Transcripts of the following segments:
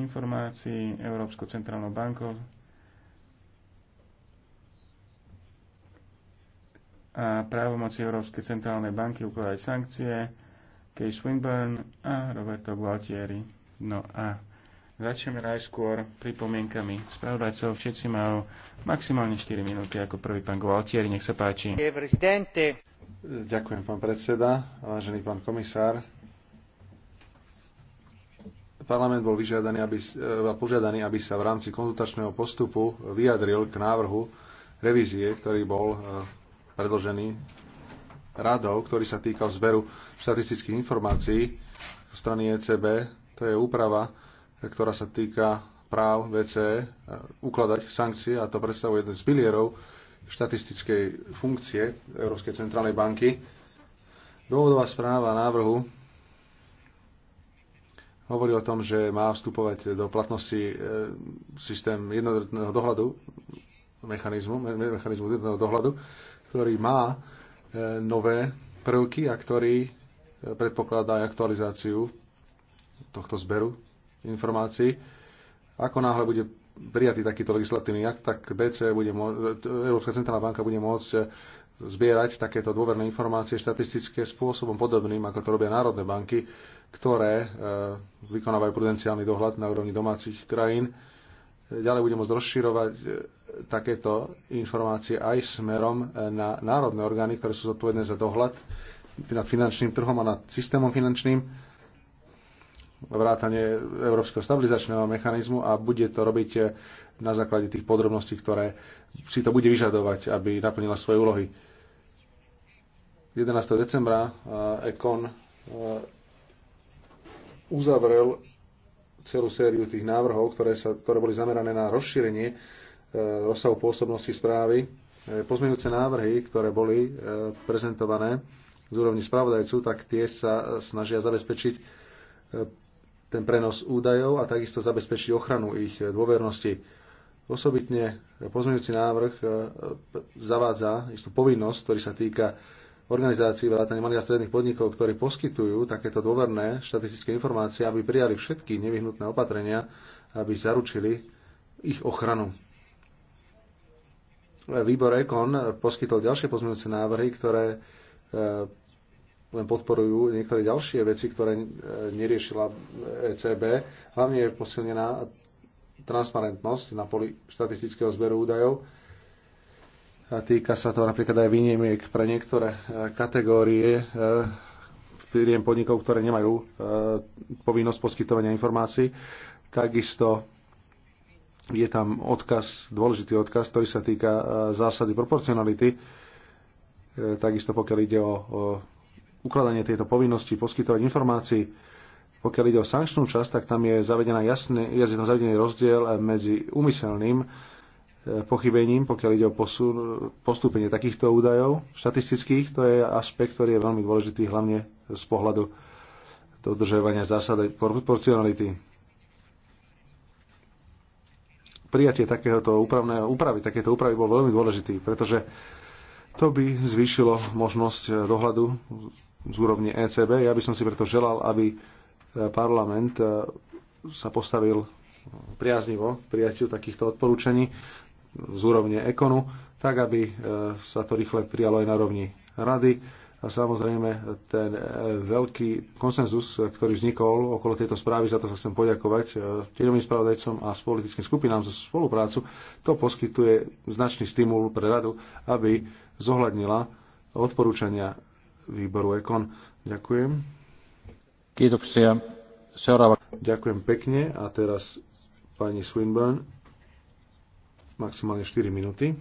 informácií Európskou centrálnou bankou a právomoci Európskej centrálnej banky ukladať sankcie Kay Swinburne a Roberto Gualtieri. No a začneme najskôr pripomienkami. Spravodajcov všetci majú maximálne 4 minúty ako prvý pán Gualtieri. Nech sa páči. Ďakujem, pán predseda, vážený pán komisár, Parlament bol vyžiadaný, aby, e, požiadaný, aby sa v rámci konzultačného postupu vyjadril k návrhu revízie, ktorý bol e, predložený radou, ktorý sa týkal zberu štatistických informácií zo strany ECB. To je úprava, e, ktorá sa týka práv VCE ukladať sankcie a to predstavuje jeden z pilierov štatistickej funkcie Európskej centrálnej banky. Dôvodová správa návrhu hovorí o tom, že má vstupovať do platnosti e, systém jednotného dohľadu, mechanizmu, mechanizmu jednotného dohľadu, ktorý má e, nové prvky a ktorý e, predpokladá aj aktualizáciu tohto zberu informácií. Ako náhle bude prijatý takýto legislatívny akt, tak BC bude môcť, Európska centrálna banka bude môcť zbierať takéto dôverné informácie štatistické spôsobom podobným, ako to robia národné banky, ktoré e, vykonávajú prudenciálny dohľad na úrovni domácich krajín. Ďalej budeme môcť rozširovať e, takéto informácie aj smerom e, na národné orgány, ktoré sú zodpovedné za dohľad nad finančným trhom a nad systémom finančným vrátanie Európskeho stabilizačného mechanizmu a bude to robiť na základe tých podrobností, ktoré si to bude vyžadovať, aby naplnila svoje úlohy. 11. decembra Ekon uzavrel celú sériu tých návrhov, ktoré, sa, ktoré boli zamerané na rozšírenie e, rozsahu pôsobnosti správy. E, pozmeňujúce návrhy, ktoré boli e, prezentované z úrovni spravodajcu, tak tie sa snažia zabezpečiť ten prenos údajov a takisto zabezpečiť ochranu ich dôvernosti. Osobitne pozmeňujúci návrh zavádza istú povinnosť, ktorý sa týka organizácií vrátane malých a stredných podnikov, ktorí poskytujú takéto dôverné štatistické informácie, aby prijali všetky nevyhnutné opatrenia, aby zaručili ich ochranu. Výbor EKON poskytol ďalšie pozmeňujúce návrhy, ktoré eh, len podporujú niektoré ďalšie veci, ktoré eh, neriešila ECB. Eh, e Hlavne je posilnená transparentnosť na poli štatistického zberu údajov a týka sa to napríklad aj výnimiek pre niektoré e, kategórie e, firiem podnikov, ktoré nemajú e, povinnosť poskytovania informácií. Takisto je tam odkaz, dôležitý odkaz, ktorý sa týka zásady proporcionality. Takisto pokiaľ ide o, ukladanie tejto povinnosti, poskytovať informácií, pokiaľ ide o sankčnú časť, tak tam je, zavedená jasný, je tam zavedený rozdiel medzi úmyselným pochybením, pokiaľ ide o posun, postúpenie takýchto údajov štatistických. To je aspekt, ktorý je veľmi dôležitý, hlavne z pohľadu dodržovania zásady proporcionality. Prijatie takéhoto úpravného, úpravy, takéto úpravy bol veľmi dôležitý, pretože to by zvýšilo možnosť dohľadu z úrovne ECB. Ja by som si preto želal, aby parlament sa postavil priaznivo prijatiu takýchto odporúčaní z úrovne ekonu, tak aby e, sa to rýchle prijalo aj na rovni rady. A samozrejme ten e, veľký konsenzus, ktorý vznikol okolo tejto správy, za to sa chcem poďakovať e, tieňovým spravodajcom a politickým skupinám za spoluprácu, to poskytuje značný stimul pre radu, aby zohľadnila odporúčania výboru EKON. Ďakujem. Ďakujem pekne a teraz pani Swinburne maximálne 4 minúty.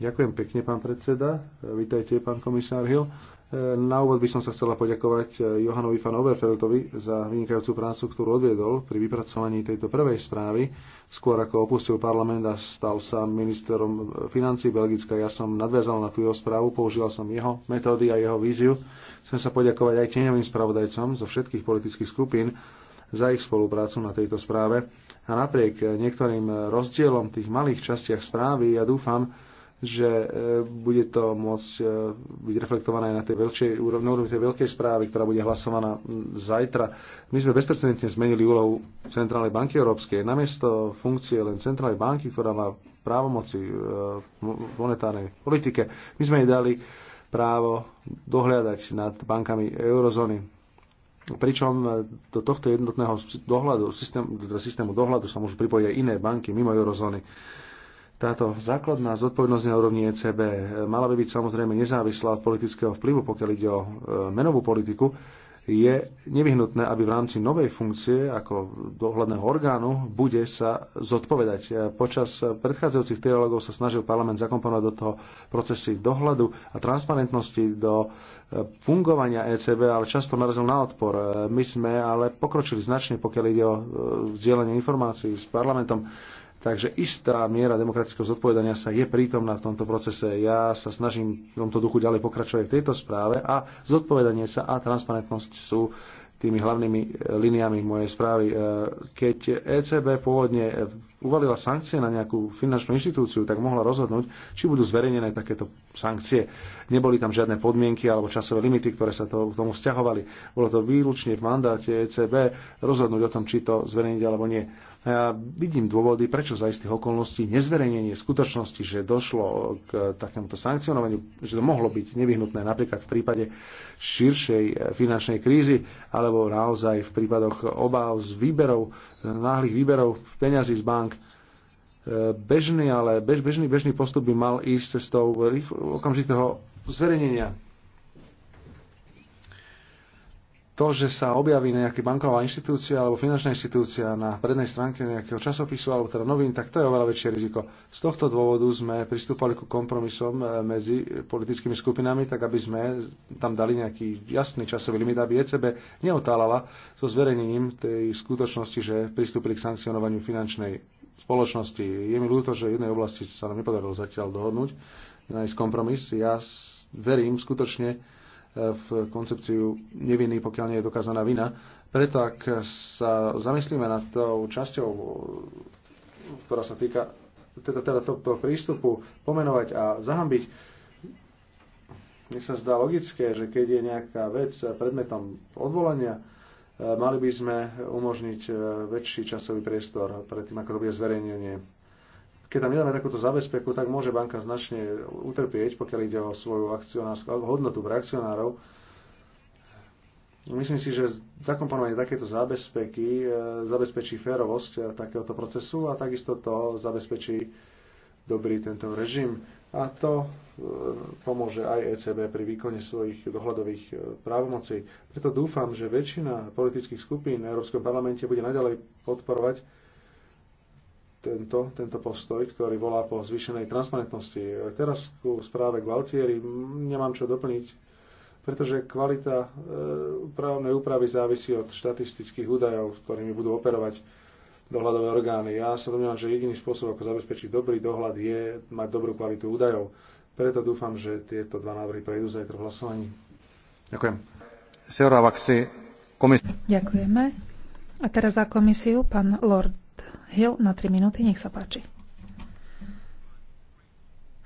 Ďakujem pekne, pán predseda. Vítajte, pán komisár Hill. E, na úvod by som sa chcela poďakovať e, Johanovi van Oberfeldovi za vynikajúcu prácu, ktorú odviedol pri vypracovaní tejto prvej správy. Skôr ako opustil parlament a stal sa ministerom financí Belgicka, ja som nadviazal na tú jeho správu, používal som jeho metódy a jeho víziu. Chcem sa poďakovať aj tieňovým spravodajcom zo všetkých politických skupín, za ich spoluprácu na tejto správe. A napriek niektorým rozdielom tých malých častiach správy, ja dúfam, že e, bude to môcť e, byť reflektované aj na tej veľkej úrovni, tej veľkej správy, ktorá bude hlasovaná zajtra. My sme bezprecedentne zmenili úlohu Centrálnej banky Európskej. Namiesto funkcie len Centrálnej banky, ktorá má právomoci v e, monetárnej politike, my sme jej dali právo dohľadať nad bankami eurozóny Pričom e, do tohto jednotného dohľadu, systém, do teda systému dohľadu sa môžu pripojiť aj iné banky mimo eurozóny. Táto základná zodpovednosť na úrovni ECB e, mala by byť samozrejme nezávislá od politického vplyvu, pokiaľ ide o e, menovú politiku, je nevyhnutné, aby v rámci novej funkcie ako dohľadného orgánu bude sa zodpovedať. Počas predchádzajúcich dialogov sa snažil parlament zakomponovať do toho procesy dohľadu a transparentnosti do e, fungovania ECB, ale často narazil na odpor. E, my sme ale pokročili značne, pokiaľ ide o e, vzdielanie informácií s parlamentom. Takže istá miera demokratického zodpovedania sa je prítomná v tomto procese. Ja sa snažím v tomto duchu ďalej pokračovať v tejto správe a zodpovedanie sa a transparentnosť sú tými hlavnými liniami mojej správy. E, keď ECB pôvodne uvalila sankcie na nejakú finančnú inštitúciu, tak mohla rozhodnúť, či budú zverejnené takéto sankcie. Neboli tam žiadne podmienky alebo časové limity, ktoré sa to, k tomu vzťahovali. Bolo to výlučne v mandáte ECB rozhodnúť o tom, či to zverejniť alebo nie. A ja vidím dôvody, prečo za istých okolností nezverejnenie skutočnosti, že došlo k takémuto sankcionovaniu, že to mohlo byť nevyhnutné napríklad v prípade širšej finančnej krízy alebo naozaj v prípadoch obáv z výberov náhlych výberov peňazí z bank. E, bežný, ale bež, bežný, bežný postup by mal ísť cestou okamžitého zverejnenia to, že sa objaví nejaká banková inštitúcia alebo finančná inštitúcia na prednej stránke nejakého časopisu alebo teda novín, tak to je oveľa väčšie riziko. Z tohto dôvodu sme pristúpali ku kompromisom eh, medzi politickými skupinami, tak aby sme tam dali nejaký jasný časový limit, aby ECB neotálala so zverejnením tej skutočnosti, že pristúpili k sankcionovaniu finančnej spoločnosti. Je mi ľúto, že v jednej oblasti sa nám nepodarilo zatiaľ dohodnúť, nájsť kompromis. Ja verím skutočne, v koncepciu neviny, pokiaľ nie je dokázaná vina. Preto ak sa zamyslíme nad tou časťou, ktorá sa týka teda, teda tohto prístupu, pomenovať a zahambiť, mne sa zdá logické, že keď je nejaká vec predmetom odvolania, mali by sme umožniť eh, väčší časový priestor pred tým, ako to bude zverejnenie keď tam nedáme takúto zabezpeku, tak môže banka značne utrpieť, pokiaľ ide o svoju akcionárskú alebo hodnotu pre akcionárov. Myslím si, že zakomponovanie takéto zábezpeky e, zabezpečí férovosť e, takéhoto procesu a takisto to zabezpečí dobrý tento režim a to e, pomôže aj ECB pri výkone svojich dohľadových právomocí. Preto dúfam, že väčšina politických skupín na Európskom parlamente bude naďalej podporovať tento, tento postoj, ktorý volá po zvýšenej transparentnosti. Teraz ku správe Gualtieri nemám čo doplniť, pretože kvalita e, právnej úpravy závisí od štatistických údajov, ktorými budú operovať dohľadové orgány. Ja sa domnievam, že jediný spôsob, ako zabezpečiť dobrý dohľad, je mať dobrú kvalitu údajov. Preto dúfam, že tieto dva návrhy prejdú zajtra v hlasovaní. Ďakujem. Ďakujeme. A teraz za komisiu pán Lord Hill na 3 minúty. Nech sa páči.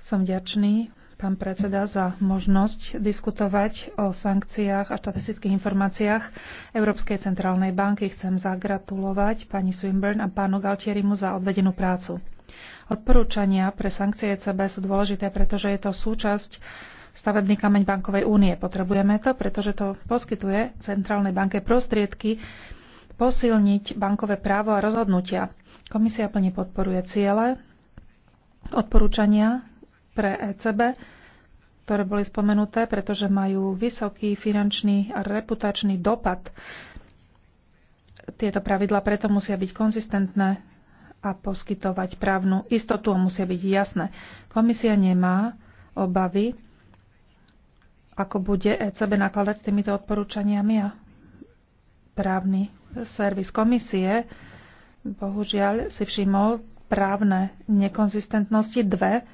Som vďačný, pán predseda, za možnosť diskutovať o sankciách a štatistických informáciách Európskej centrálnej banky. Chcem zagratulovať pani Swinburne a pánu Galtierimu za odvedenú prácu. Odporúčania pre sankcie ECB sú dôležité, pretože je to súčasť stavebný kameň bankovej únie. Potrebujeme to, pretože to poskytuje centrálnej banke prostriedky posilniť bankové právo a rozhodnutia. Komisia plne podporuje ciele, odporúčania pre ECB, ktoré boli spomenuté, pretože majú vysoký finančný a reputačný dopad. Tieto pravidla preto musia byť konzistentné a poskytovať právnu istotu a musia byť jasné. Komisia nemá obavy, ako bude ECB nakladať s týmito odporúčaniami a právny servis komisie bohužiaľ si všimol právne nekonzistentnosti dve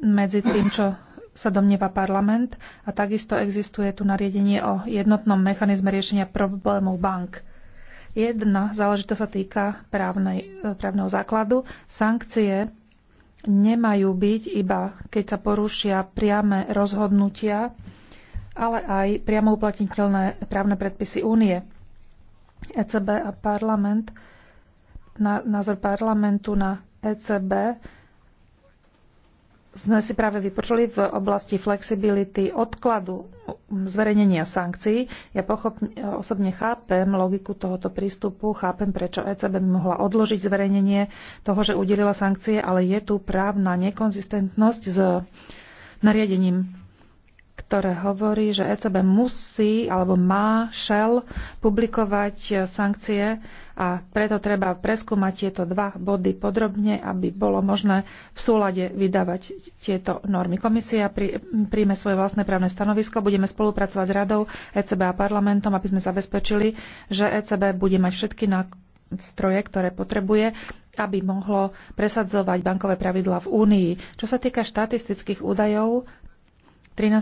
medzi tým, čo sa domnieva parlament a takisto existuje tu nariadenie o jednotnom mechanizme riešenia problémov bank. Jedna záležitosť sa týka právnej, právneho základu. Sankcie nemajú byť iba, keď sa porušia priame rozhodnutia, ale aj priamo uplatniteľné právne predpisy únie. ECB a parlament názor parlamentu na ECB sme si práve vypočuli v oblasti flexibility odkladu zverejnenia sankcií. Ja pochop, osobne chápem logiku tohoto prístupu, chápem, prečo ECB by mohla odložiť zverejnenie toho, že udelila sankcie, ale je tu právna nekonzistentnosť s nariadením ktoré hovorí, že ECB musí alebo má šel publikovať e, sankcie a preto treba preskúmať tieto dva body podrobne, aby bolo možné v súlade vydávať tieto normy. Komisia prí, príjme svoje vlastné právne stanovisko, budeme spolupracovať s radou ECB a parlamentom, aby sme zabezpečili, že ECB bude mať všetky nástroje, ktoré potrebuje aby mohlo presadzovať bankové pravidlá v Únii. Čo sa týka štatistických údajov, 13.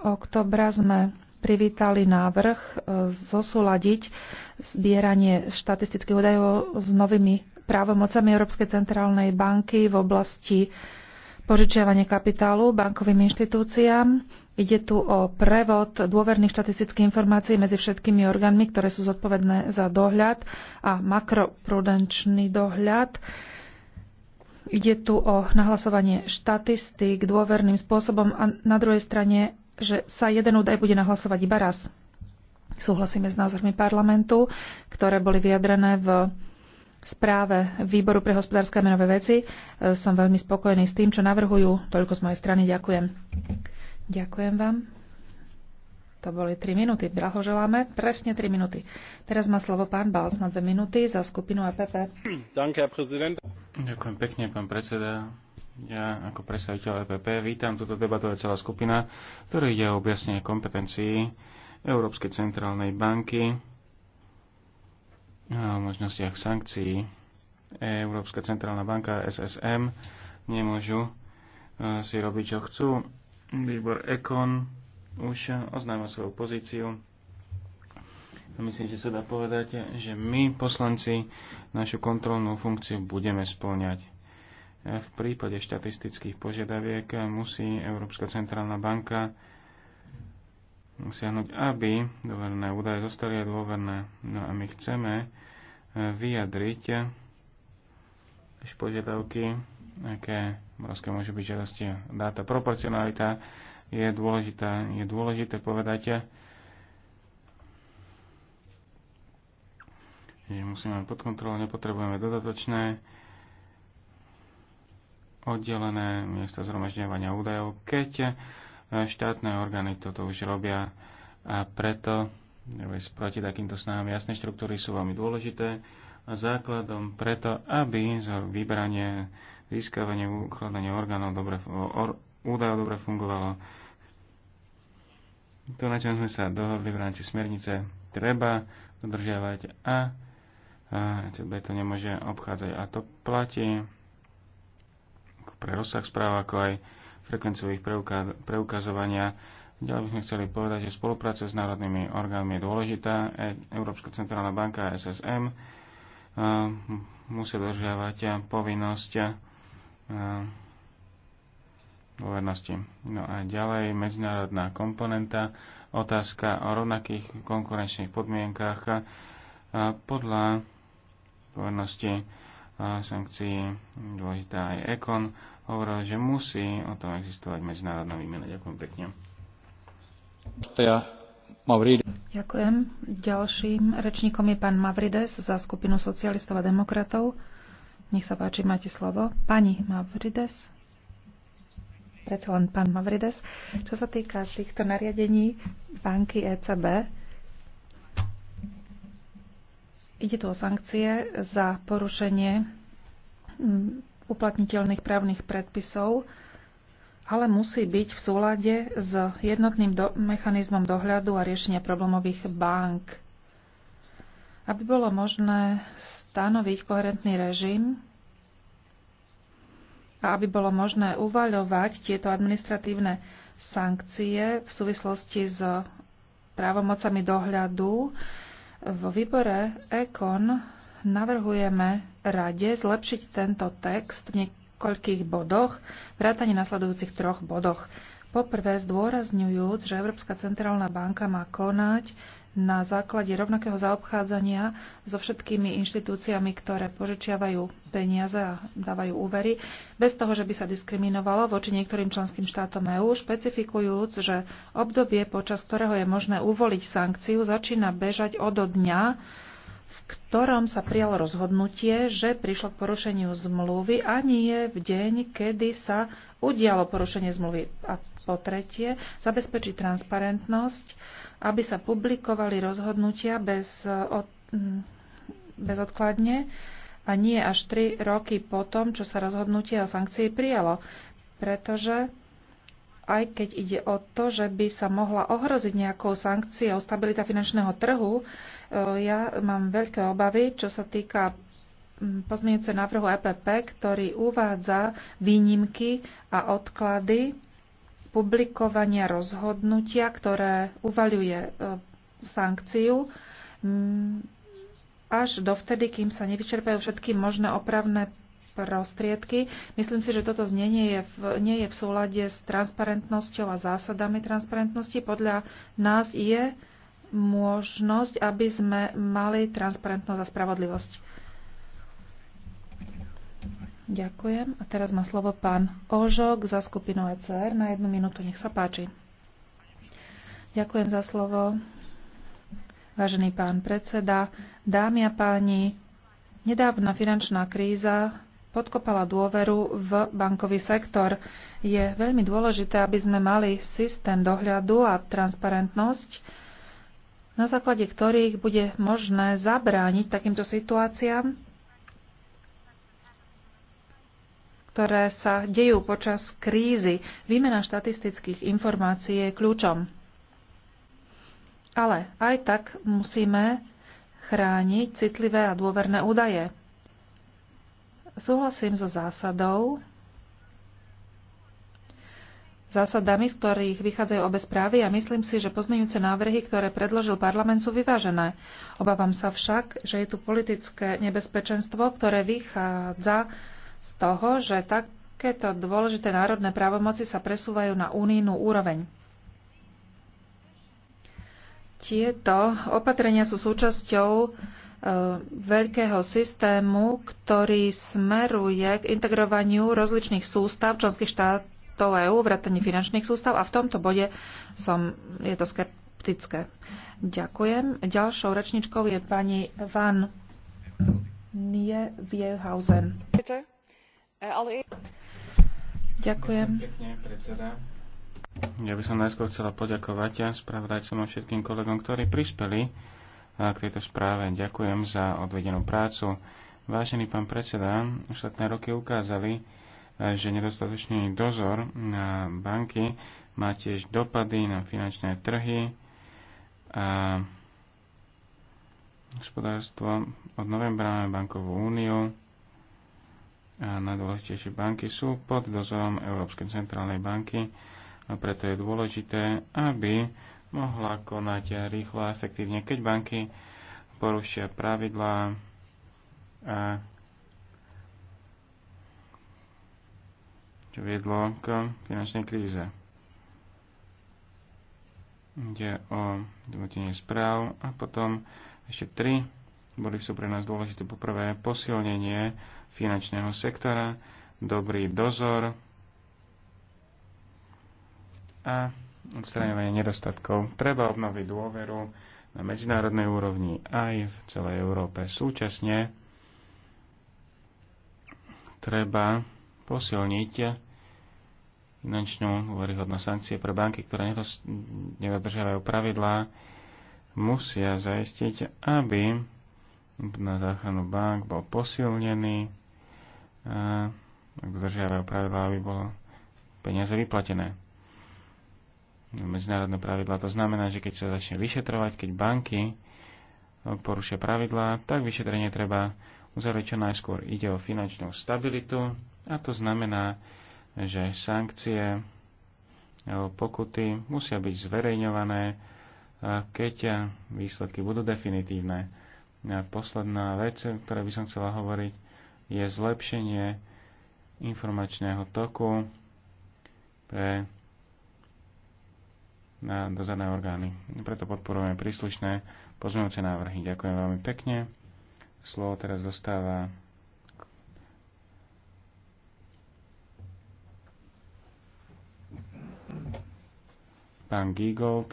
oktobra sme privítali návrh e, zosúladiť zbieranie štatistických údajov s novými právomocami Európskej centrálnej banky v oblasti požičiavania kapitálu bankovým inštitúciám. Ide tu o prevod dôverných štatistických informácií medzi všetkými orgánmi, ktoré sú zodpovedné za dohľad a makroprudenčný dohľad. Ide tu o nahlasovanie štatistik dôverným spôsobom a na druhej strane, že sa jeden údaj bude nahlasovať iba raz. Súhlasíme s názormi parlamentu, ktoré boli vyjadrené v správe Výboru pre hospodárske a menové veci. E, som veľmi spokojný s tým, čo navrhujú. Toľko z mojej strany. Ďakujem. Ďakujem vám. To boli 3 minúty. Blahoželáme. Presne 3 minúty. Teraz má slovo pán Balc na 2 minúty za skupinu APP. Ďakujem pekne, pán predseda. Ja ako predstaviteľ EPP vítam túto debatu aj celá skupina, ktorý ide o objasnenie kompetencií Európskej centrálnej banky a o možnostiach sankcií. Európska centrálna banka SSM nemôžu eh, si robiť, čo chcú. Výbor Ekon už oznámil svoju pozíciu. Myslím, že sa dá povedať, že my, poslanci, našu kontrolnú funkciu budeme splňať. V prípade štatistických požiadaviek musí Európska centrálna banka siahnuť, aby dôverné údaje zostali aj dôverné. No a my chceme vyjadriť požiadavky, aké môžu byť žiadosti dáta proporcionalita je dôležité, Je dôležité povedať, že musíme pod kontrolou, nepotrebujeme dodatočné oddelené miesta zhromažďovania údajov, keď štátne orgány toto už robia a preto proti takýmto snahám jasné štruktúry sú veľmi dôležité a základom preto, aby vybranie, získavanie, ukladanie orgánov dobre, or, údajov dobre fungovalo. To, na čom sme sa dohodli v rámci smernice, treba dodržiavať a, a ECB to nemôže obchádzať. A to platí pre rozsah správ, ako aj frekvenciu ich preuka- preukazovania. Ďalej by sme chceli povedať, že spolupráca s národnými orgánmi je dôležitá. E- Európska centrálna banka SSM e- musí dodržiavať povinnosť e- vernosti. No a ďalej medzinárodná komponenta, otázka o rovnakých konkurenčných podmienkách podľa dôvernosti sankcií dôležitá aj Ekon hovoril, že musí o tom existovať medzinárodná výmena. Ďakujem pekne. Ďakujem. Ďalším rečníkom je pán Mavrides za skupinu socialistov a demokratov. Nech sa páči, máte slovo. Pani Mavrides predsa len pán Mavrides. Čo sa týka týchto nariadení banky ECB, ide tu o sankcie za porušenie mm, uplatniteľných právnych predpisov, ale musí byť v súlade s jednotným do- mechanizmom dohľadu a riešenia problémových bank. Aby bolo možné stanoviť koherentný režim, a aby bolo možné uvaľovať tieto administratívne sankcie v súvislosti s právomocami dohľadu. Vo výbore EKON navrhujeme rade zlepšiť tento text v niekoľkých bodoch, vrátane nasledujúcich troch bodoch. Poprvé zdôrazňujúc, že Európska centrálna banka má konať na základe rovnakého zaobchádzania so všetkými inštitúciami, ktoré požičiavajú peniaze a dávajú úvery, bez toho, že by sa diskriminovalo voči niektorým členským štátom EÚ, špecifikujúc, že obdobie, počas ktorého je možné uvoliť sankciu, začína bežať odo dňa, v ktorom sa prijalo rozhodnutie, že prišlo k porušeniu zmluvy a nie v deň, kedy sa udialo porušenie zmluvy. A po tretie, zabezpečiť transparentnosť, aby sa publikovali rozhodnutia bez, eh, od, hm, bezodkladne a nie až 3 roky po tom, čo sa rozhodnutie o sankcii prijalo. Pretože aj keď ide o to, že by sa mohla ohroziť nejakou sankciou stabilita finančného trhu, eh, ja mám veľké obavy, čo sa týka hm, pozmeňujúce návrhu EPP, ktorý uvádza výnimky a odklady publikovania rozhodnutia, ktoré uvaľuje e, sankciu až dovtedy, kým sa nevyčerpajú všetky možné opravné prostriedky. Myslím si, že toto znenie je v, nie je v súlade s transparentnosťou a zásadami transparentnosti. Podľa nás je možnosť, aby sme mali transparentnosť a spravodlivosť. Ďakujem. A teraz má slovo pán Ožok za skupinu ECR. Na jednu minútu, nech sa páči. Ďakujem za slovo. Vážený pán predseda, dámy a páni, nedávna finančná kríza podkopala dôveru v bankový sektor. Je veľmi dôležité, aby sme mali systém dohľadu a transparentnosť, na základe ktorých bude možné zabrániť takýmto situáciám ktoré sa dejú počas krízy. Výmena štatistických informácií je kľúčom. Ale aj tak musíme chrániť citlivé a dôverné údaje. Súhlasím so zásadou, zásadami, z ktorých vychádzajú obe správy a myslím si, že pozmeňujúce návrhy, ktoré predložil parlament, sú vyvážené. Obávam sa však, že je tu politické nebezpečenstvo, ktoré vychádza z toho, že takéto dôležité národné právomoci sa presúvajú na unijnú úroveň. Tieto opatrenia sú súčasťou e, veľkého systému, ktorý smeruje k integrovaniu rozličných sústav členských štátov EÚ, vrátane finančných sústav a v tomto bode som, je to skeptické. Ďakujem. Ďalšou rečničkou je pani Van Nie Wielhausen. E, Ďakujem. Ja by som najskôr chcela poďakovať a spravodať a všetkým kolegom, ktorí prispeli e, k tejto správe. Ďakujem za odvedenú prácu. Vážený pán predseda, ostatné roky ukázali, e, že nedostatočný dozor na banky má tiež dopady na finančné trhy a hospodárstvo. Od novembra máme bankovú úniu a najdôležitejšie banky sú pod dozorom Európskej centrálnej banky a preto je dôležité, aby mohla konať rýchlo a efektívne, keď banky porušia pravidlá a čo viedlo k finančnej kríze. Ide o zmotenie správ a potom ešte tri boli sú pre nás dôležité. Poprvé posilnenie finančného sektora, dobrý dozor a odstraňovanie nedostatkov. Treba obnoviť dôveru na medzinárodnej úrovni aj v celej Európe. Súčasne treba posilniť finančnú dôveryhodnosť sankcie pre banky, ktoré nedodržiavajú pravidlá, musia zaistiť, aby na záchranu bank bol posilnený ak dodržiavajú pravidlá, aby bolo peniaze vyplatené. Medzinárodné pravidlá to znamená, že keď sa začne vyšetrovať, keď banky porušia pravidlá, tak vyšetrenie treba uzavrieť čo najskôr. Ide o finančnú stabilitu a to znamená, že sankcie alebo pokuty musia byť zverejňované, keď výsledky budú definitívne. A posledná vec, o ktorej by som chcela hovoriť, je zlepšenie informačného toku pre na dozorné orgány. Preto podporujeme príslušné pozmeňujúce návrhy. Ďakujem veľmi pekne. Slovo teraz dostáva pán Giegold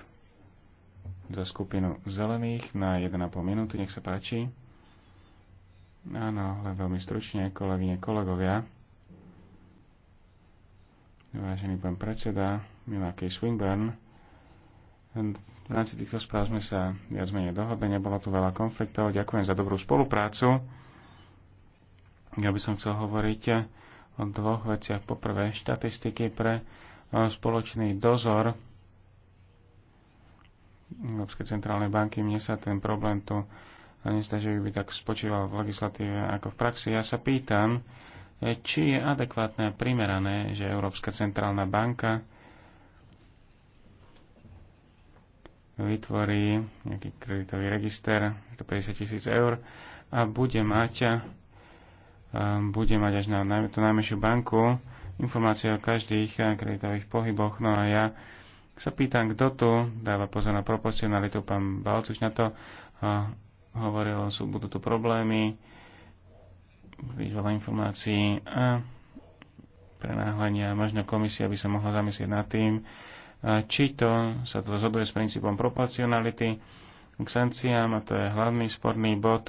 za skupinu zelených na 1,5 minúty. Nech sa páči. Áno, ale veľmi stručne, kolegyne, kolegovia. Vážený pán predseda, milá Kej Swinburn. v rámci týchto správ sme sa viac menej dohodli, nebolo tu veľa konfliktov. Ďakujem za dobrú spoluprácu. Ja by som chcel hovoriť o dvoch veciach. Poprvé, štatistiky pre e, spoločný dozor Európskej centrálnej banky. Mne sa ten problém tu a nezdá, že by tak spočíval v legislatíve ako v praxi. Ja sa pýtam, e, či je adekvátne a primerané, že Európska centrálna banka vytvorí nejaký kreditový register, 150 tisíc eur, a bude mať, e, bude mať až na tú najmenšiu banku informácie o každých e, kreditových pohyboch. No a ja sa pýtam, kto tu dáva pozor na proporcionalitu. Pán Balcuš na to hovorilo, sú, budú tu problémy, príliš veľa informácií a prenáhlenia. Možno komisia by sa mohla zamyslieť nad tým, či to sa to zhoduje s princípom proporcionality k sankciám, a to je hlavný sporný bod,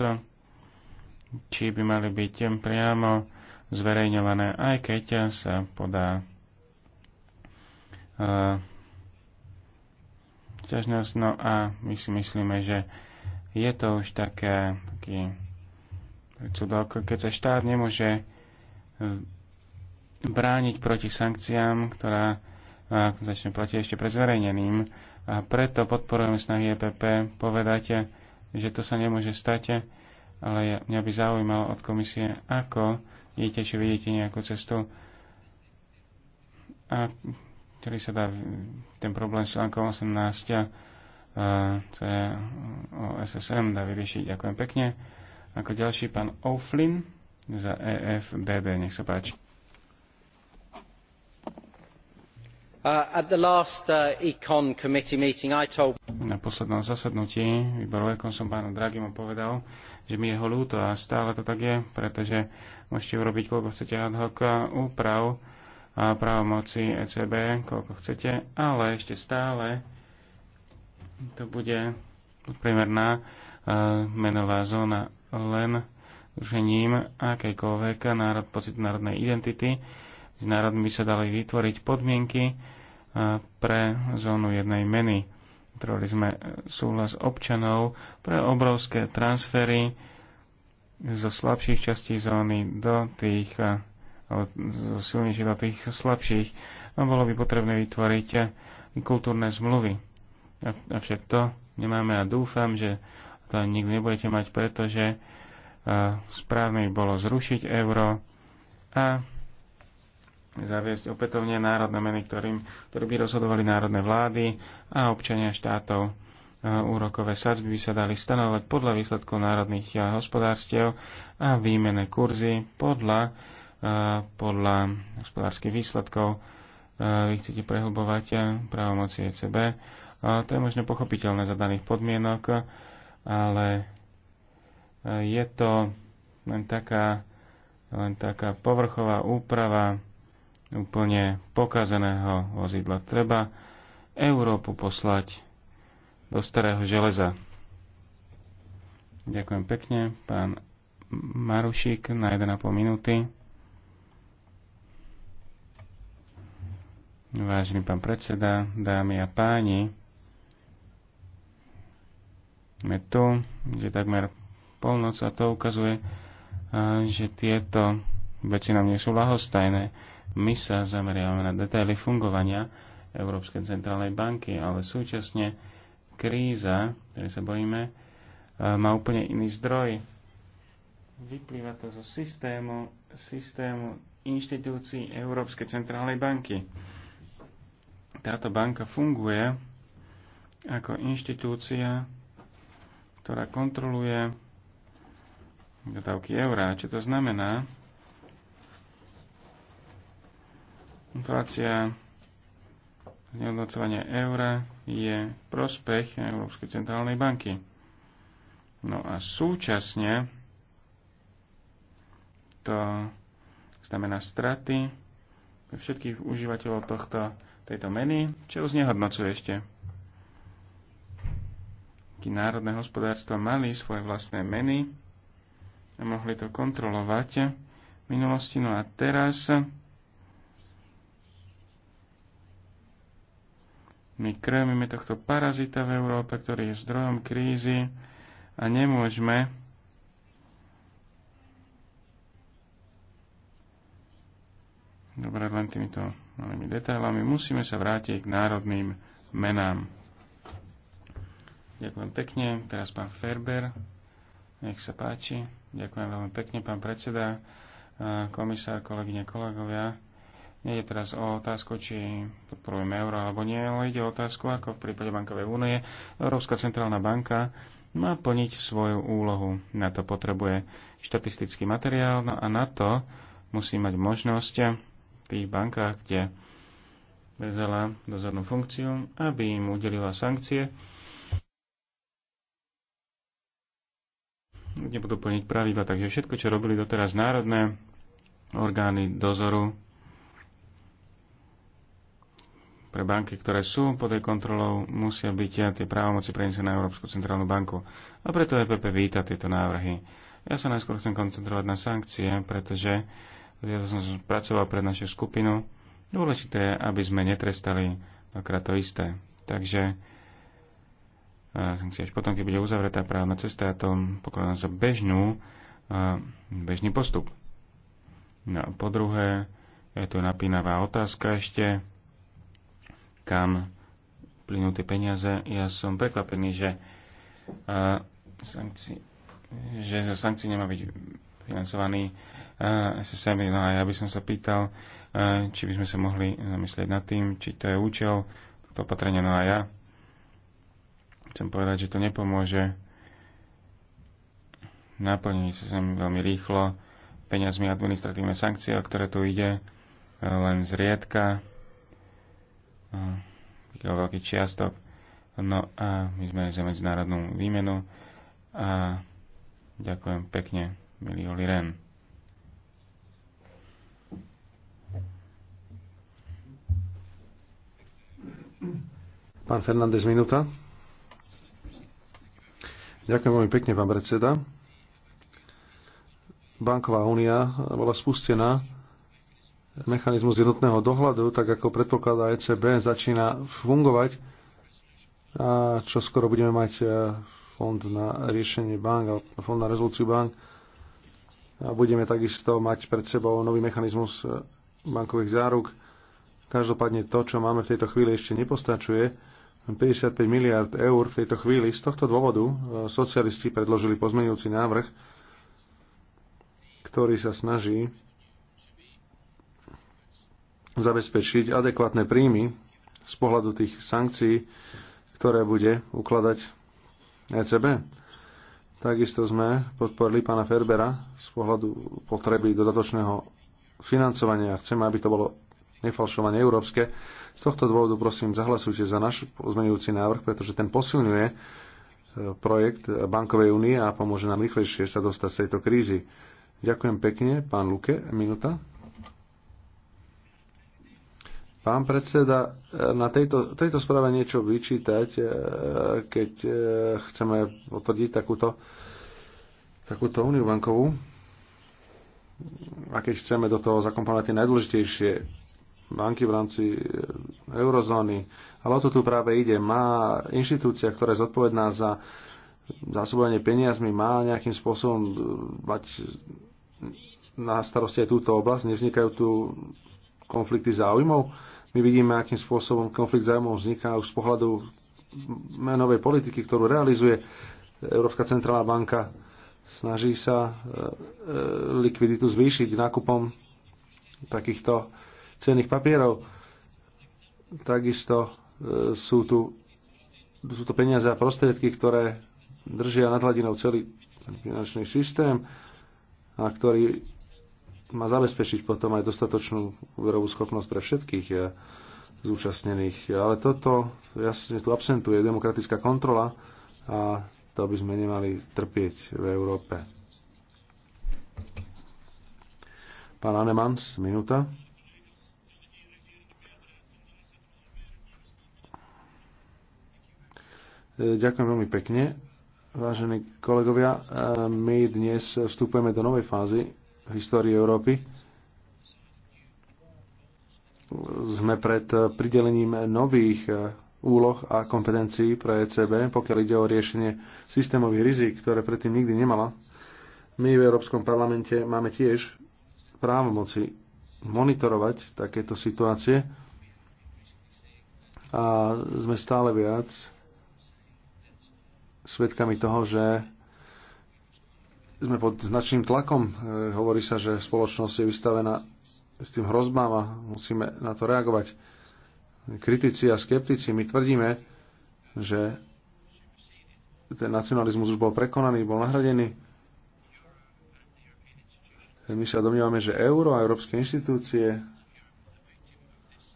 či by mali byť priamo zverejňované, aj keď sa podá ťažnosť. No a my si myslíme, že je to už také, taký cudok, keď sa štát nemôže eh, brániť proti sankciám, ktorá eh, začne platiť ešte pred zverejneným. A preto podporujeme snahy EPP povedať, eh, že to sa nemôže stať, ale mňa by zaujímalo od komisie, ako idete, či vidíte nejakú cestu, a, ktorý sa dá ten problém s článkom 18 SSM, dá vyriešiť. Ďakujem pekne. Ako ďalší pán O'Flynn za EFDD. Nech sa páči. Uh, uh, Na poslednom zasadnutí výboru Econ som pánu Dragimu povedal, že mi je ho ľúto a stále to tak je, pretože môžete urobiť koľko chcete ad hoc uh, úprav a právomoci ECB, koľko chcete, ale ešte stále to bude priemerná e, menová zóna len zrušením akékoľvek národ, pocit národnej identity. S národmi by sa dali vytvoriť podmienky e, pre zónu jednej meny. Trvali sme e, súhlas občanov pre obrovské transfery zo slabších častí zóny do tých zo silnejších do tých slabších. No, bolo by potrebné vytvoriť kultúrne zmluvy. Avšak to nemáme a dúfam, že to nikdy nebudete mať, pretože správne by bolo zrušiť euro a zaviesť opätovne národné meny, ktorým, ktoré by rozhodovali národné vlády a občania štátov. Úrokové sadzby by sa dali stanovať podľa výsledkov národných hospodárstiev a výmené kurzy podľa, podľa hospodárskych výsledkov. Vy chcete prehlbovať právomoci ECB a to je možno pochopiteľné za daných podmienok, ale e, je to len taká, len taká povrchová úprava úplne pokazeného vozidla. Treba Európu poslať do starého železa. Ďakujem pekne, pán Marušík, na 1,5 minúty. Vážený pán predseda, dámy a páni, sme tu, je takmer polnoc a to ukazuje, že tieto veci nám nie sú lahostajné. My sa zameriavame na detaily fungovania Európskej centrálnej banky, ale súčasne kríza, ktorej sa bojíme, má úplne iný zdroj. Vyplýva to zo systému, systému inštitúcií Európskej centrálnej banky. Táto banka funguje ako inštitúcia ktorá kontroluje dodávky eurá. Čo to znamená? Inflácia znehodnocovania eura je prospech Európskej centrálnej banky. No a súčasne to znamená straty pre všetkých užívateľov tohto, tejto meny, čo znehodnocuje ešte národné hospodárstva mali svoje vlastné meny a mohli to kontrolovať v minulosti. No a teraz my krmíme tohto parazita v Európe, ktorý je zdrojom krízy a nemôžeme Dobre, len týmito malými detailami musíme sa vrátiť k národným menám. Ďakujem pekne. Teraz pán Ferber. Nech sa páči. Ďakujem veľmi pekne, pán predseda, komisár, kolegyne, kolegovia. je teraz o otázku, či podporujeme euro alebo nie, ale ide o otázku, ako v prípade bankovej únie Európska centrálna banka má plniť svoju úlohu. Na to potrebuje štatistický materiál no a na to musí mať možnosť v tých bankách, kde vezala dozornú funkciu, aby im udelila sankcie nebudú plniť pravidla. Takže všetko, čo robili doteraz národné orgány dozoru pre banky, ktoré sú pod jej kontrolou, musia byť ja, eh, tie právomoci prenesené na Európsku centrálnu banku. A preto EPP víta tieto návrhy. Ja sa najskôr chcem koncentrovať na sankcie, pretože ja som pracoval pre našu skupinu. Dôležité je, aby sme netrestali dokrát to isté. Takže si až potom, keď bude uzavretá právna cesta, ja to pokladám za bežnú, bežný postup. No a po druhé, je tu napínavá otázka ešte, kam plynú tie peniaze. Ja som prekvapený, že, sankci, že za sankcií nemá byť financovaný SSM. No a ja by som sa pýtal, či by sme sa mohli zamyslieť nad tým, či to je účel tohto opatrenia. No a ja chcem povedať, že to nepomôže naplniť sem veľmi rýchlo peňazmi administratívne sankcie, o ktoré tu ide e, len zriedka, e, takého veľký čiastok. No a my sme za medzinárodnú výmenu a ďakujem pekne, milý Oli Ren. Pán Fernández, minúta. Ďakujem veľmi pekne, pán predseda. Banková únia bola spustená. Mechanizmus jednotného dohľadu, tak ako predpokladá ECB, začína fungovať. A čo skoro budeme mať e, fond na riešenie bank, fond na rezolúciu bank. A budeme takisto mať pred sebou nový mechanizmus e, bankových záruk. Každopádne to, čo máme v tejto chvíli, ešte nepostačuje 55 miliard eur v tejto chvíli. Z tohto dôvodu e, socialisti predložili pozmeňujúci návrh, ktorý sa snaží zabezpečiť adekvátne príjmy z pohľadu tých sankcií, ktoré bude ukladať ECB. Takisto sme podporili pána Ferbera z pohľadu potreby dodatočného financovania. Chceme, aby to bolo nefalšovanie európske. Z tohto dôvodu prosím zahlasujte za náš pozmeňujúci návrh, pretože ten posilňuje e, projekt Bankovej únie a pomôže nám rýchlejšie sa dostať z tejto krízy. Ďakujem pekne. Pán Luke, minúta. Pán predseda, e, na tejto, tejto správe niečo vyčítať, e, keď chceme potvrdiť takúto, takúto úniu bankovú a keď chceme do toho zakomponovať tie najdôležitejšie banky v rámci eurozóny. Ale o to tu práve ide. Má inštitúcia, ktorá je zodpovedná za zásobovanie peniazmi, má nejakým spôsobom e, mať na starosti aj túto oblasť. Nevznikajú tu konflikty záujmov. My vidíme, akým spôsobom konflikt záujmov vzniká už z pohľadu menovej politiky, ktorú realizuje Európska centrálna banka. Snaží sa e, e, likviditu zvýšiť nákupom takýchto cenných papierov Takisto e, sú tu sú to peniaze a prostriedky, ktoré držia nad hladinou celý finančný systém a ktorý má zabezpečiť potom aj dostatočnú úverovú schopnosť pre všetkých e, zúčastnených. Ale toto jasne tu absentuje demokratická kontrola a to by sme nemali trpieť v Európe. Pán Anemans, minúta. Ďakujem veľmi pekne. Vážení kolegovia, e, my dnes vstupujeme do novej fázy v histórii Európy. Sme pred pridelením nových e, úloh a kompetencií pre ECB, pokiaľ ide o riešenie systémových rizik, ktoré predtým nikdy nemala. My v Európskom parlamente máme tiež právomoci monitorovať takéto situácie a sme stále viac svedkami toho, že sme pod značným tlakom. E, hovorí sa, že spoločnosť je vystavená s tým hrozbám a musíme na to reagovať. Kritici a skeptici, my tvrdíme, že ten nacionalizmus už bol prekonaný, bol nahradený. My sa domnívame, že euro a európske inštitúcie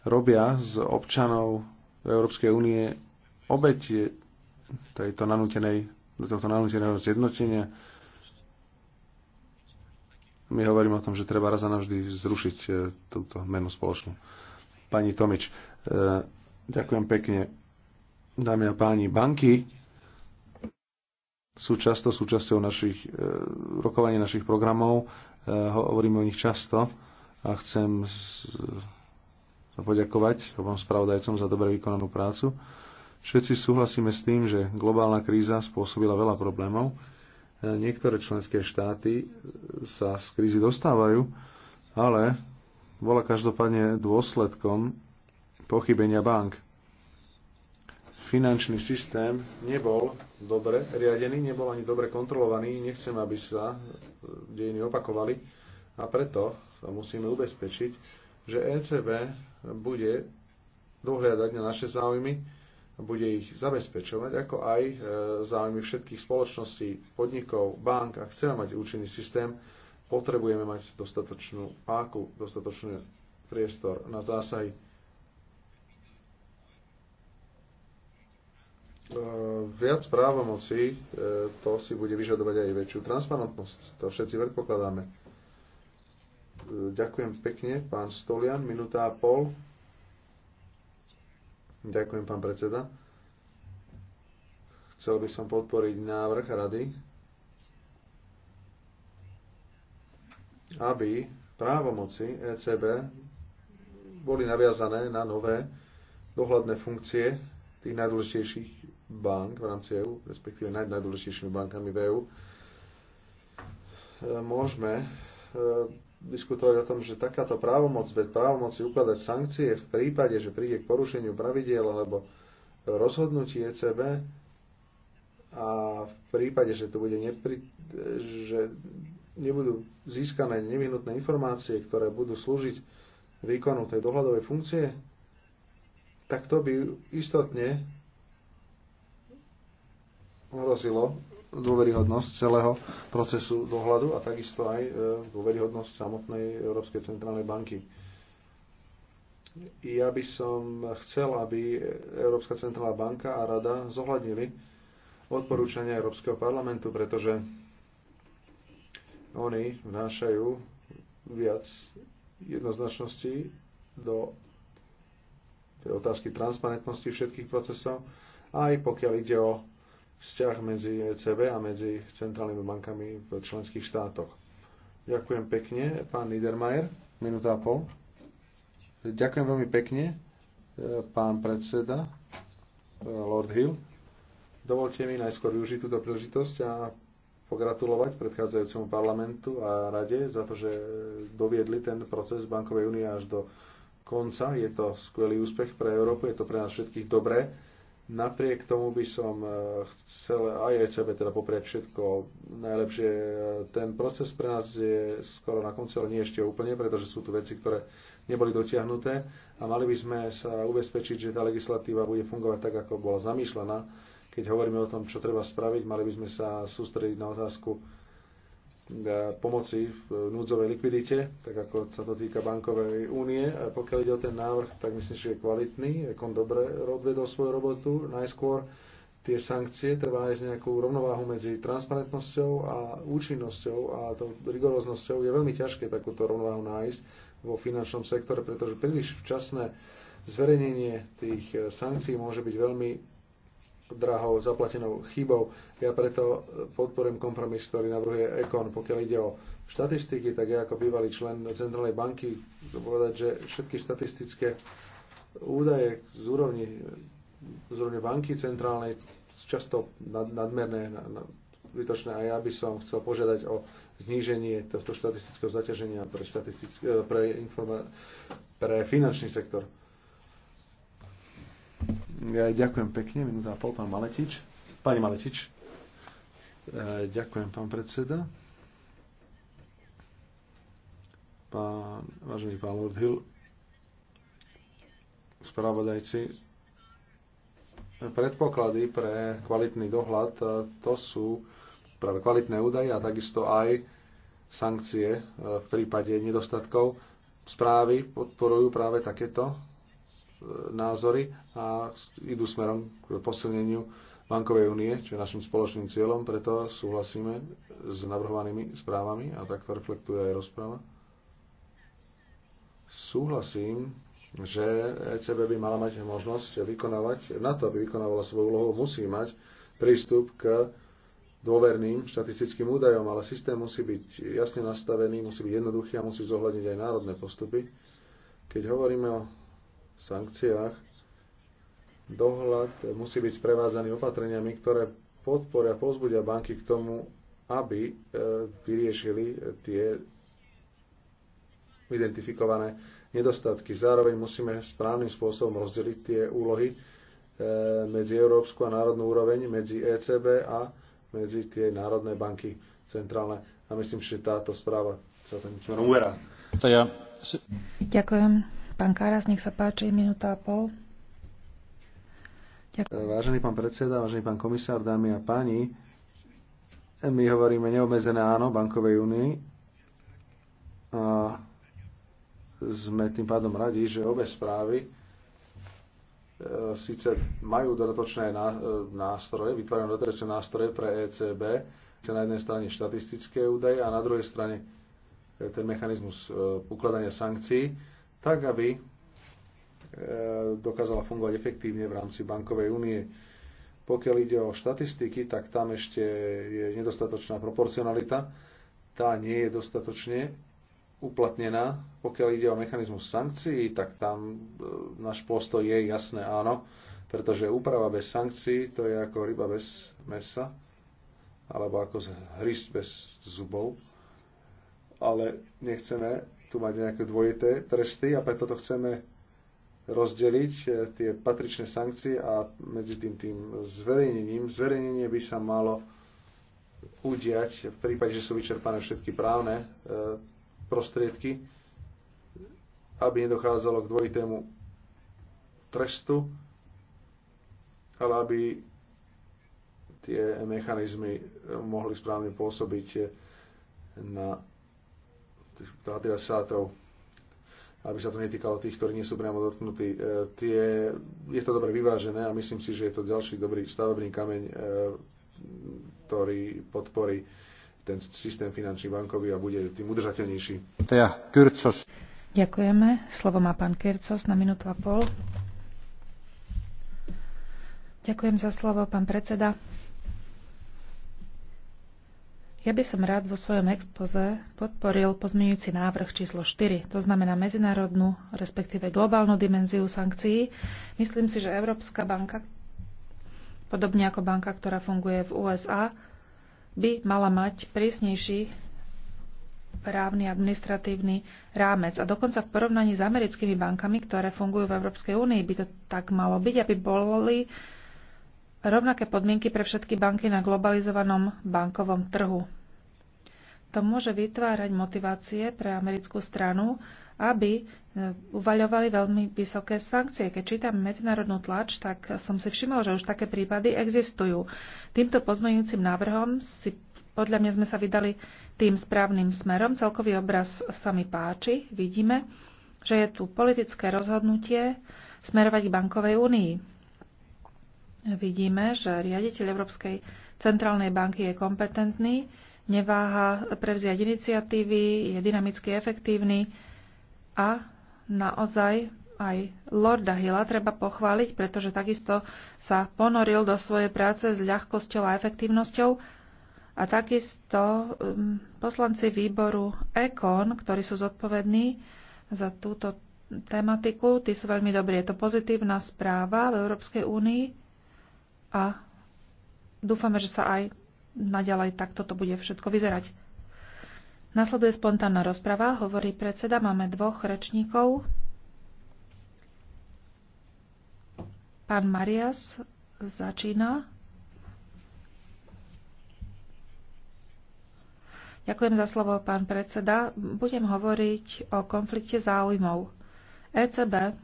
robia z občanov Európskej únie obete tejto nanútenej, do tohto nanúteného zjednotenia. My hovoríme o tom, že treba raz a navždy zrušiť e, túto menu spoločnú. Pani Tomič, e, ďakujem pekne. Dámy a páni, banky sú často súčasťou našich e, rokovaní našich programov. Hovoríme o nich často a chcem sa poďakovať obom spravodajcom za dobre vykonanú prácu. Všetci súhlasíme s tým, že globálna kríza spôsobila veľa problémov. E, niektoré členské štáty sa z krízy dostávajú, ale bola každopádne dôsledkom pochybenia bank. Finančný systém nebol dobre riadený, nebol ani dobre kontrolovaný, nechcem, aby sa e, dejiny opakovali a preto sa musíme ubezpečiť, že ECB bude dohliadať na naše záujmy, bude ich zabezpečovať, ako aj e, záujmy všetkých spoločností, podnikov, bank. Ak chceme mať účinný systém, potrebujeme mať dostatočnú páku, dostatočný priestor na zásahy. E, viac právomocí, e, to si bude vyžadovať aj väčšiu transparentnosť. To všetci predpokladáme. Ďakujem pekne, pán Stolian, minúta a pol. Ďakujem, pán predseda. Chcel by som podporiť návrh rady, aby právomoci ECB boli naviazané na nové dohľadné funkcie tých najdôležitejších bank v rámci EU, respektíve nad najdôležitejšími bankami v EU. E, môžeme e, diskutovať o tom, že takáto právomoc bez právomoci ukladať sankcie v prípade, že príde k porušeniu pravidiel alebo rozhodnutí ECB a v prípade, že to bude nepri, že nebudú získané nevyhnutné informácie, ktoré budú slúžiť výkonu tej dohľadovej funkcie, tak to by istotne hrozilo dôveryhodnosť celého procesu dohľadu a takisto aj e, dôveryhodnosť samotnej Európskej centrálnej banky. Ja by som chcel, aby Európska centrálna banka a rada zohľadnili odporúčania Európskeho parlamentu, pretože oni vnášajú viac jednoznačnosti do tej otázky transparentnosti všetkých procesov, aj pokiaľ ide o vzťah medzi ECB a medzi centrálnymi bankami v členských štátoch. Ďakujem pekne, pán Niedermayer, minúta a pol. Ďakujem veľmi pekne, e, pán predseda, e, Lord Hill. Dovolte mi najskôr využiť túto príležitosť a pogratulovať predchádzajúcemu parlamentu a rade za to, že doviedli ten proces bankovej únie až do konca. Je to skvelý úspech pre Európu, je to pre nás všetkých dobré Napriek tomu by som e, chcel aj aj sebe teda poprieť všetko najlepšie. E, ten proces pre nás je skoro na konci, ale nie ešte úplne, pretože sú tu veci, ktoré neboli dotiahnuté a mali by sme sa ubezpečiť, že tá legislatíva bude fungovať tak, ako bola zamýšľaná. Keď hovoríme o tom, čo treba spraviť, mali by sme sa sústrediť na otázku pomoci v núdzovej likvidite, tak ako sa to týka bankovej únie. A pokiaľ ide o ten návrh, tak myslím, že je kvalitný, on dobre odvedol svoju robotu. Najskôr tie sankcie treba nájsť nejakú rovnováhu medzi transparentnosťou a účinnosťou a tou rigoróznosťou. Je veľmi ťažké takúto rovnováhu nájsť vo finančnom sektore, pretože príliš včasné zverejnenie tých sankcií môže byť veľmi drahou zaplatenou chybou. Ja preto podporujem kompromis, ktorý navrhuje Ekon. Pokiaľ ide o štatistiky, tak ja ako bývalý člen Centrálnej banky povedať, že všetky štatistické údaje z úrovni, z úrovni banky centrálnej často nad, nadmerné, na, na, a ja by som chcel požiadať o zníženie tohto štatistického zaťaženia pre, pre, informa- pre finančný sektor. Ja ďakujem pekne, minúta a pol, pán Maletič. Pani Maletič. E, ďakujem, pán predseda. Pán, vážený pán Lord Hill, spravodajci, predpoklady pre kvalitný dohľad e, to sú práve kvalitné údaje a takisto aj sankcie e, v prípade nedostatkov. Správy podporujú práve takéto názory a idú smerom k posilneniu bankovej únie, čo je našim spoločným cieľom, preto súhlasíme s navrhovanými správami a takto reflektuje aj rozpráva. Súhlasím, že ECB by mala mať možnosť vykonávať, na to, aby vykonávala svoju úlohu, musí mať prístup k dôverným štatistickým údajom, ale systém musí byť jasne nastavený, musí byť jednoduchý a musí zohľadniť aj národné postupy. Keď hovoríme o sankciách, dohľad musí byť sprevázaný opatreniami, ktoré podporia, pozbudia banky k tomu, aby e, vyriešili e, tie identifikované nedostatky. Zároveň musíme správnym spôsobom rozdeliť tie úlohy e, medzi európsku a národnú úroveň, medzi ECB a medzi tie národné banky centrálne. A myslím, že táto správa sa tam smerom uverá. Ďakujem. Pán Karas, nech sa páči, minúta a pol. Ďakujem. Vážený pán predseda, vážený pán komisár, dámy a páni, my hovoríme neobmedzené áno bankovej únii a sme tým pádom radi, že obe správy e, síce majú dodatočné e, nástroje, vytvárajú dodatočné nástroje pre ECB, na jednej strane štatistické údaje a na druhej strane e, ten mechanizmus ukladania sankcií tak aby e, dokázala fungovať efektívne v rámci bankovej únie. Pokiaľ ide o štatistiky, tak tam ešte je nedostatočná proporcionalita. Tá nie je dostatočne uplatnená. Pokiaľ ide o mechanizmus sankcií, tak tam e, náš postoj je jasné áno, pretože úprava bez sankcií to je ako ryba bez mesa alebo ako hryst bez zubov. Ale nechceme tu mať nejaké dvojité tresty a preto to chceme rozdeliť e, tie patričné sankcie a medzi tým tým zverejnením. Zverejnenie by sa malo udiať v prípade, že sú vyčerpané všetky právne e, prostriedky, aby nedochádzalo k dvojitému trestu, ale aby tie mechanizmy mohli správne pôsobiť e, na adresátov, aby sa to netýkalo tých, ktorí nie sú priamo dotknutí. E, tie, je to dobre vyvážené a myslím si, že je to ďalší dobrý stavebný kameň, e, ktorý podporí ten systém finančný bankový a bude tým udržateľnejší. Ďakujeme. Slovo má pán Kyrcos na minútu a pol. Ďakujem za slovo, pán predseda. Ja by som rád vo svojom expoze podporil pozmeňujúci návrh číslo 4, to znamená medzinárodnú, respektíve globálnu dimenziu sankcií. Myslím si, že Európska banka, podobne ako banka, ktorá funguje v USA, by mala mať prísnejší právny administratívny rámec. A dokonca v porovnaní s americkými bankami, ktoré fungujú v Európskej únii, by to tak malo byť, aby boli rovnaké podmienky pre všetky banky na globalizovanom bankovom trhu. To môže vytvárať motivácie pre americkú stranu, aby e, uvaľovali veľmi vysoké sankcie. Keď čítam medzinárodnú tlač, tak som si všimol, že už také prípady existujú. Týmto pozmeňujúcim návrhom si podľa mňa sme sa vydali tým správnym smerom. Celkový obraz sa mi páči. Vidíme, že je tu politické rozhodnutie smerovať k bankovej únii vidíme, že riaditeľ Európskej centrálnej banky je kompetentný, neváha prevziať iniciatívy, je dynamicky efektívny a naozaj aj Lorda Hilla treba pochváliť, pretože takisto sa ponoril do svojej práce s ľahkosťou a efektívnosťou. A takisto um, poslanci výboru EKON, ktorí sú zodpovední za túto tematiku, tí sú veľmi dobrí. Je to pozitívna správa v Európskej únii a dúfame, že sa aj naďalej takto to bude všetko vyzerať. Nasleduje spontánna rozprava, hovorí predseda, máme dvoch rečníkov. Pán Marias začína. Ďakujem za slovo, pán predseda. Budem hovoriť o konflikte záujmov. ECB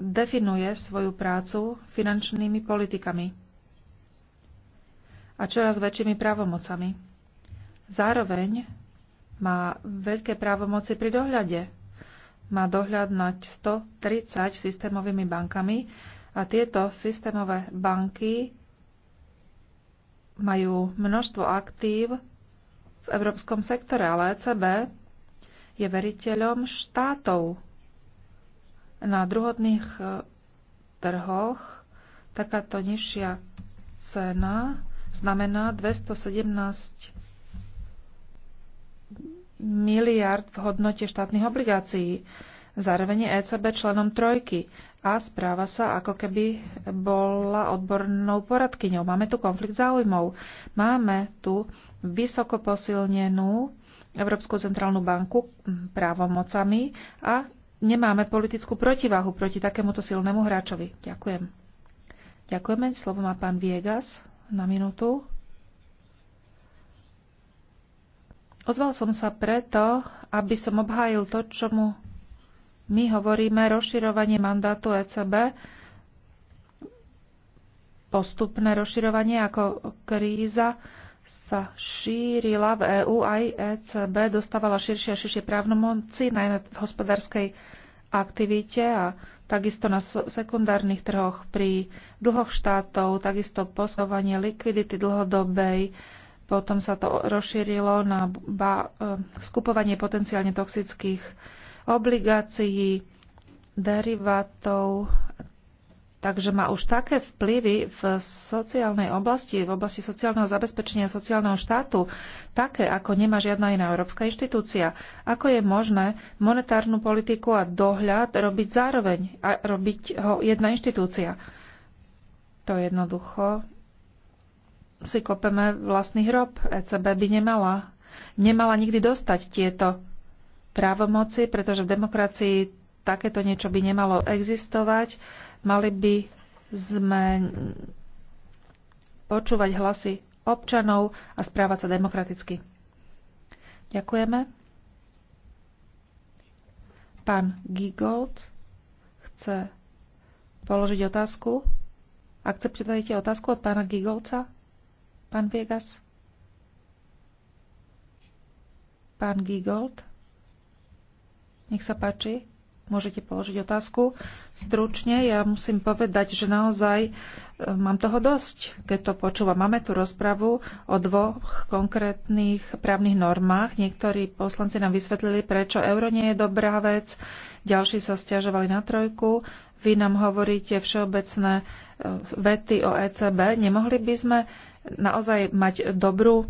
definuje svoju prácu finančnými politikami a čoraz väčšími právomocami. Zároveň má veľké právomoci pri dohľade. Má dohľad nad 130 systémovými bankami a tieto systémové banky majú množstvo aktív v európskom sektore, ale ECB je veriteľom štátov na druhotných e, trhoch takáto nižšia cena znamená 217 miliard v hodnote štátnych obligácií. Zároveň je ECB členom trojky a správa sa, ako keby bola odbornou poradkyňou. Máme tu konflikt záujmov. Máme tu vysoko posilnenú Európsku centrálnu banku právomocami a nemáme politickú protiváhu proti takémuto silnému hráčovi. Ďakujem. Ďakujeme. Slovo má pán Viegas na minútu. Ozval som sa preto, aby som obhájil to, čomu my hovoríme rozširovanie mandátu ECB, postupné rozširovanie ako kríza sa šírila v EÚ, aj ECB dostávala širšie a širšie právnomoci, najmä v hospodárskej aktivite a takisto na sekundárnych trhoch pri dlhoch štátov, takisto posovanie likvidity dlhodobej, potom sa to rozšírilo na e, skupovanie potenciálne toxických obligácií, derivátov, Takže má už také vplyvy v sociálnej oblasti, v oblasti sociálneho zabezpečenia sociálneho štátu, také ako nemá žiadna iná európska inštitúcia. Ako je možné monetárnu politiku a dohľad robiť zároveň a robiť ho jedna inštitúcia? To jednoducho si kopeme vlastný hrob. ECB by nemala, nemala nikdy dostať tieto právomoci, pretože v demokracii takéto niečo by nemalo existovať Mali by sme počúvať hlasy občanov a správať sa demokraticky. Ďakujeme. Pán Gigold chce položiť otázku. Akceptujete otázku od pána Gigolca? Pán Viegas? Pán Gigold? Nech sa páči. Môžete položiť otázku. Stručne ja musím povedať, že naozaj e, mám toho dosť, keď to počúvam. Máme tu rozpravu o dvoch konkrétnych právnych normách. Niektorí poslanci nám vysvetlili, prečo euro nie je dobrá vec, ďalší sa stiažovali na trojku. Vy nám hovoríte všeobecné e, vety o ECB. Nemohli by sme naozaj mať dobrú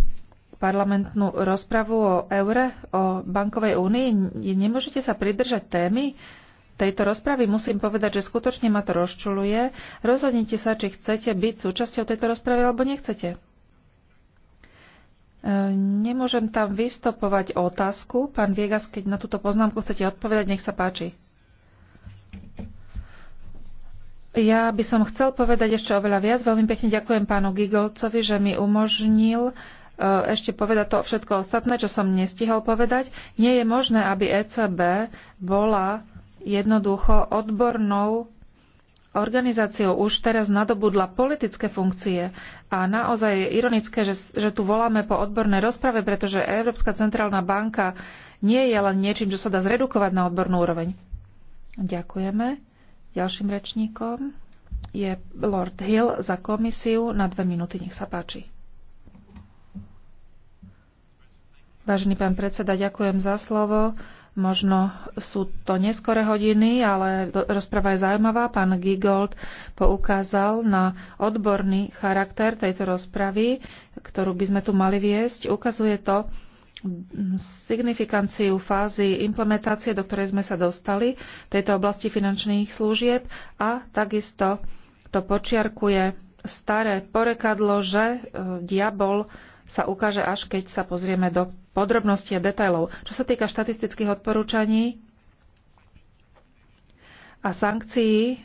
parlamentnú rozpravu o eure, o bankovej únii. Nemôžete sa pridržať témy tejto rozpravy? Musím povedať, že skutočne ma to rozčuluje. Rozhodnite sa, či chcete byť súčasťou tejto rozpravy alebo nechcete. E, nemôžem tam vystopovať otázku. Pán Viegas, keď na túto poznámku chcete odpovedať, nech sa páči. Ja by som chcel povedať ešte oveľa viac. Veľmi pekne ďakujem pánu Gigolcovi, že mi umožnil uh, Eh, ešte povedať to všetko ostatné, čo som nestihol povedať. Nie je možné, aby ECB bola jednoducho odbornou organizáciou už teraz nadobudla politické funkcie a naozaj je ironické, že, že tu voláme po odbornej rozprave, pretože Európska centrálna banka nie je len niečím, čo sa dá zredukovať na odbornú úroveň. Ďakujeme. Ďalším rečníkom je Lord Hill za komisiu na dve minúty. Nech sa páči. Vážený pán predseda, ďakujem za slovo. Možno sú to neskore hodiny, ale rozpráva je zaujímavá. Pán Gigold poukázal na odborný charakter tejto rozpravy, ktorú by sme tu mali viesť. Ukazuje to signifikanciu fázy implementácie, do ktorej sme sa dostali v tejto oblasti finančných služieb a takisto to počiarkuje staré porekadlo, že e, diabol sa ukáže, až keď sa pozrieme do podrobností a detajlov. Čo sa týka štatistických odporúčaní a sankcií,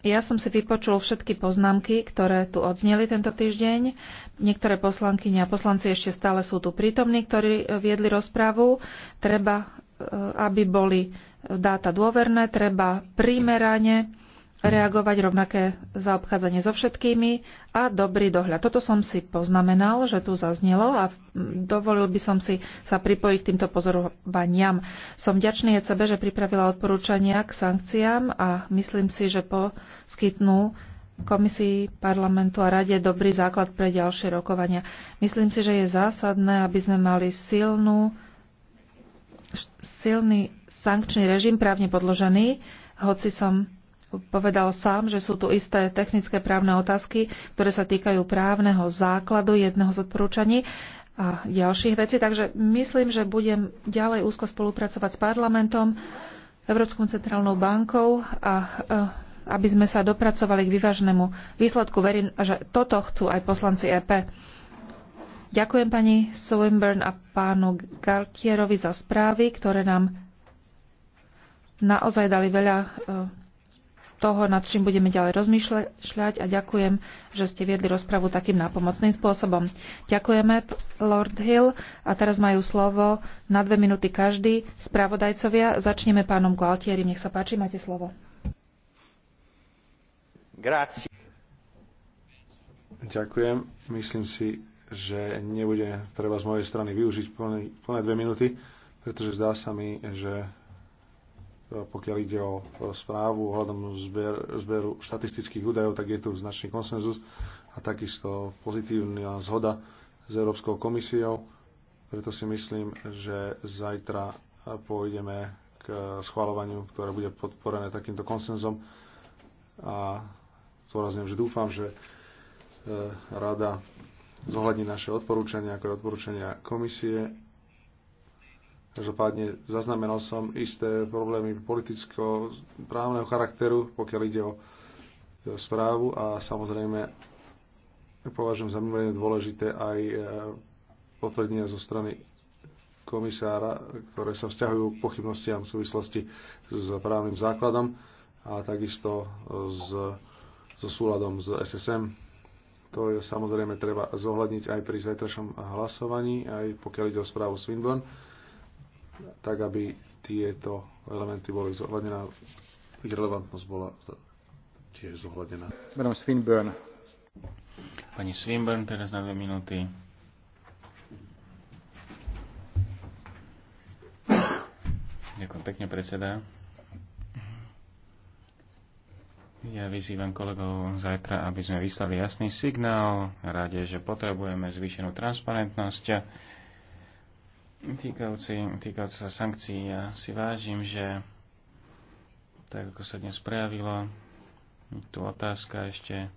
ja som si vypočul všetky poznámky, ktoré tu odzneli tento týždeň. Niektoré poslankyne a poslanci ešte stále sú tu prítomní, ktorí viedli rozprávu. Treba, e, aby boli dáta dôverné, treba primerane reagovať, rovnaké zaobchádzanie so všetkými a dobrý dohľad. Toto som si poznamenal, že tu zaznelo a dovolil by som si sa pripojiť k týmto pozorovaniam. Som vďačný ECB, že pripravila odporúčania k sankciám a myslím si, že poskytnú komisii, parlamentu a rade dobrý základ pre ďalšie rokovania. Myslím si, že je zásadné, aby sme mali silnú, silný sankčný režim právne podložený, hoci som povedal sám, že sú tu isté technické právne otázky, ktoré sa týkajú právneho základu jedného z odporúčaní a ďalších vecí. Takže myslím, že budem ďalej úzko spolupracovať s parlamentom, Európskou centrálnou bankou a e, aby sme sa dopracovali k vyváženému výsledku. Verím, že toto chcú aj poslanci EP. Ďakujem pani Swinburne a pánu Galtierovi za správy, ktoré nám naozaj dali veľa e, toho, nad čím budeme ďalej rozmýšľať a ďakujem, že ste viedli rozpravu takým nápomocným spôsobom. Ďakujeme, Lord Hill. A teraz majú slovo na dve minúty každý. Spravodajcovia, začneme pánom Gualtieri. Nech sa páči, máte slovo. Grazie. Ďakujem. Myslím si, že nebude treba z mojej strany využiť plné, plné dve minúty, pretože zdá sa mi, že pokiaľ ide o správu ohľadom zber, zberu štatistických údajov, tak je tu značný konsenzus a takisto pozitívna zhoda s Európskou komisiou. Preto si myslím, že zajtra pôjdeme k schváľovaniu, ktoré bude podporené takýmto konsenzom. A zdôrazňujem, že dúfam, že e, rada zohľadní naše odporúčania, ako je odporúčania komisie Každopádne zaznamenal som isté problémy politicko-právneho charakteru, pokiaľ ide o e, správu a samozrejme považujem za mimoriadne dôležité aj e, potvrdenia zo strany komisára, ktoré sa vzťahujú k pochybnostiam v súvislosti s právnym základom a takisto s, so súladom s SSM. To je samozrejme treba zohľadniť aj pri zajtrašom hlasovaní, aj pokiaľ ide o správu Swinburne tak aby tieto elementy boli zohľadená, ich relevantnosť bola tiež zohľadnená. Madam Swinburne. Pani Swinburne, teraz na dve minúty. Ďakujem pekne, predseda. Ja vyzývam kolegov zajtra, aby sme vyslali jasný signál rade, že potrebujeme zvýšenú transparentnosť týkajúci, týkajúci sa sankcií, ja si vážim, že tak ako sa dnes prejavilo, je tu otázka ešte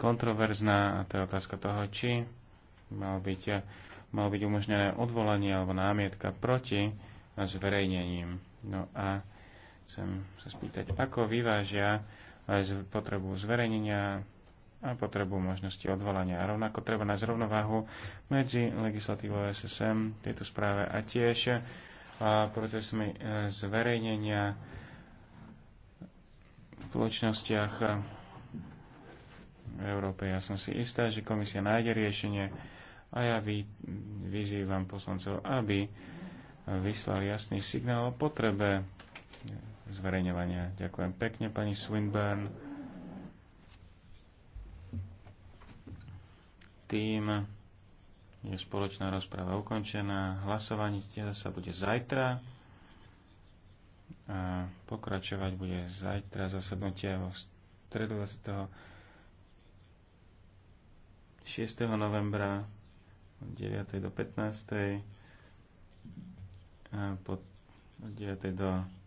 kontroverzná a to je otázka toho, či mal byť, mal byť umožnené odvolanie alebo námietka proti zverejnením. No a chcem sa spýtať, ako vyvážia aj potrebu zverejnenia a potrebu možnosti odvolania. A rovnako treba nájsť rovnováhu medzi legislatívou SSM, tejto správe a tiež a procesmi e, zverejnenia v spoločnostiach e, v Európe. Ja som si istá, že komisia nájde riešenie a ja vy, vyzývam poslancov, aby vyslal jasný signál o potrebe zverejňovania. Ďakujem pekne, pani Swinburne. Tým je spoločná rozpráva ukončená. Hlasovanie sa bude zajtra. A pokračovať bude zajtra zasadnutie v stredu 20. 6. novembra od 9. do 15. A po 9. do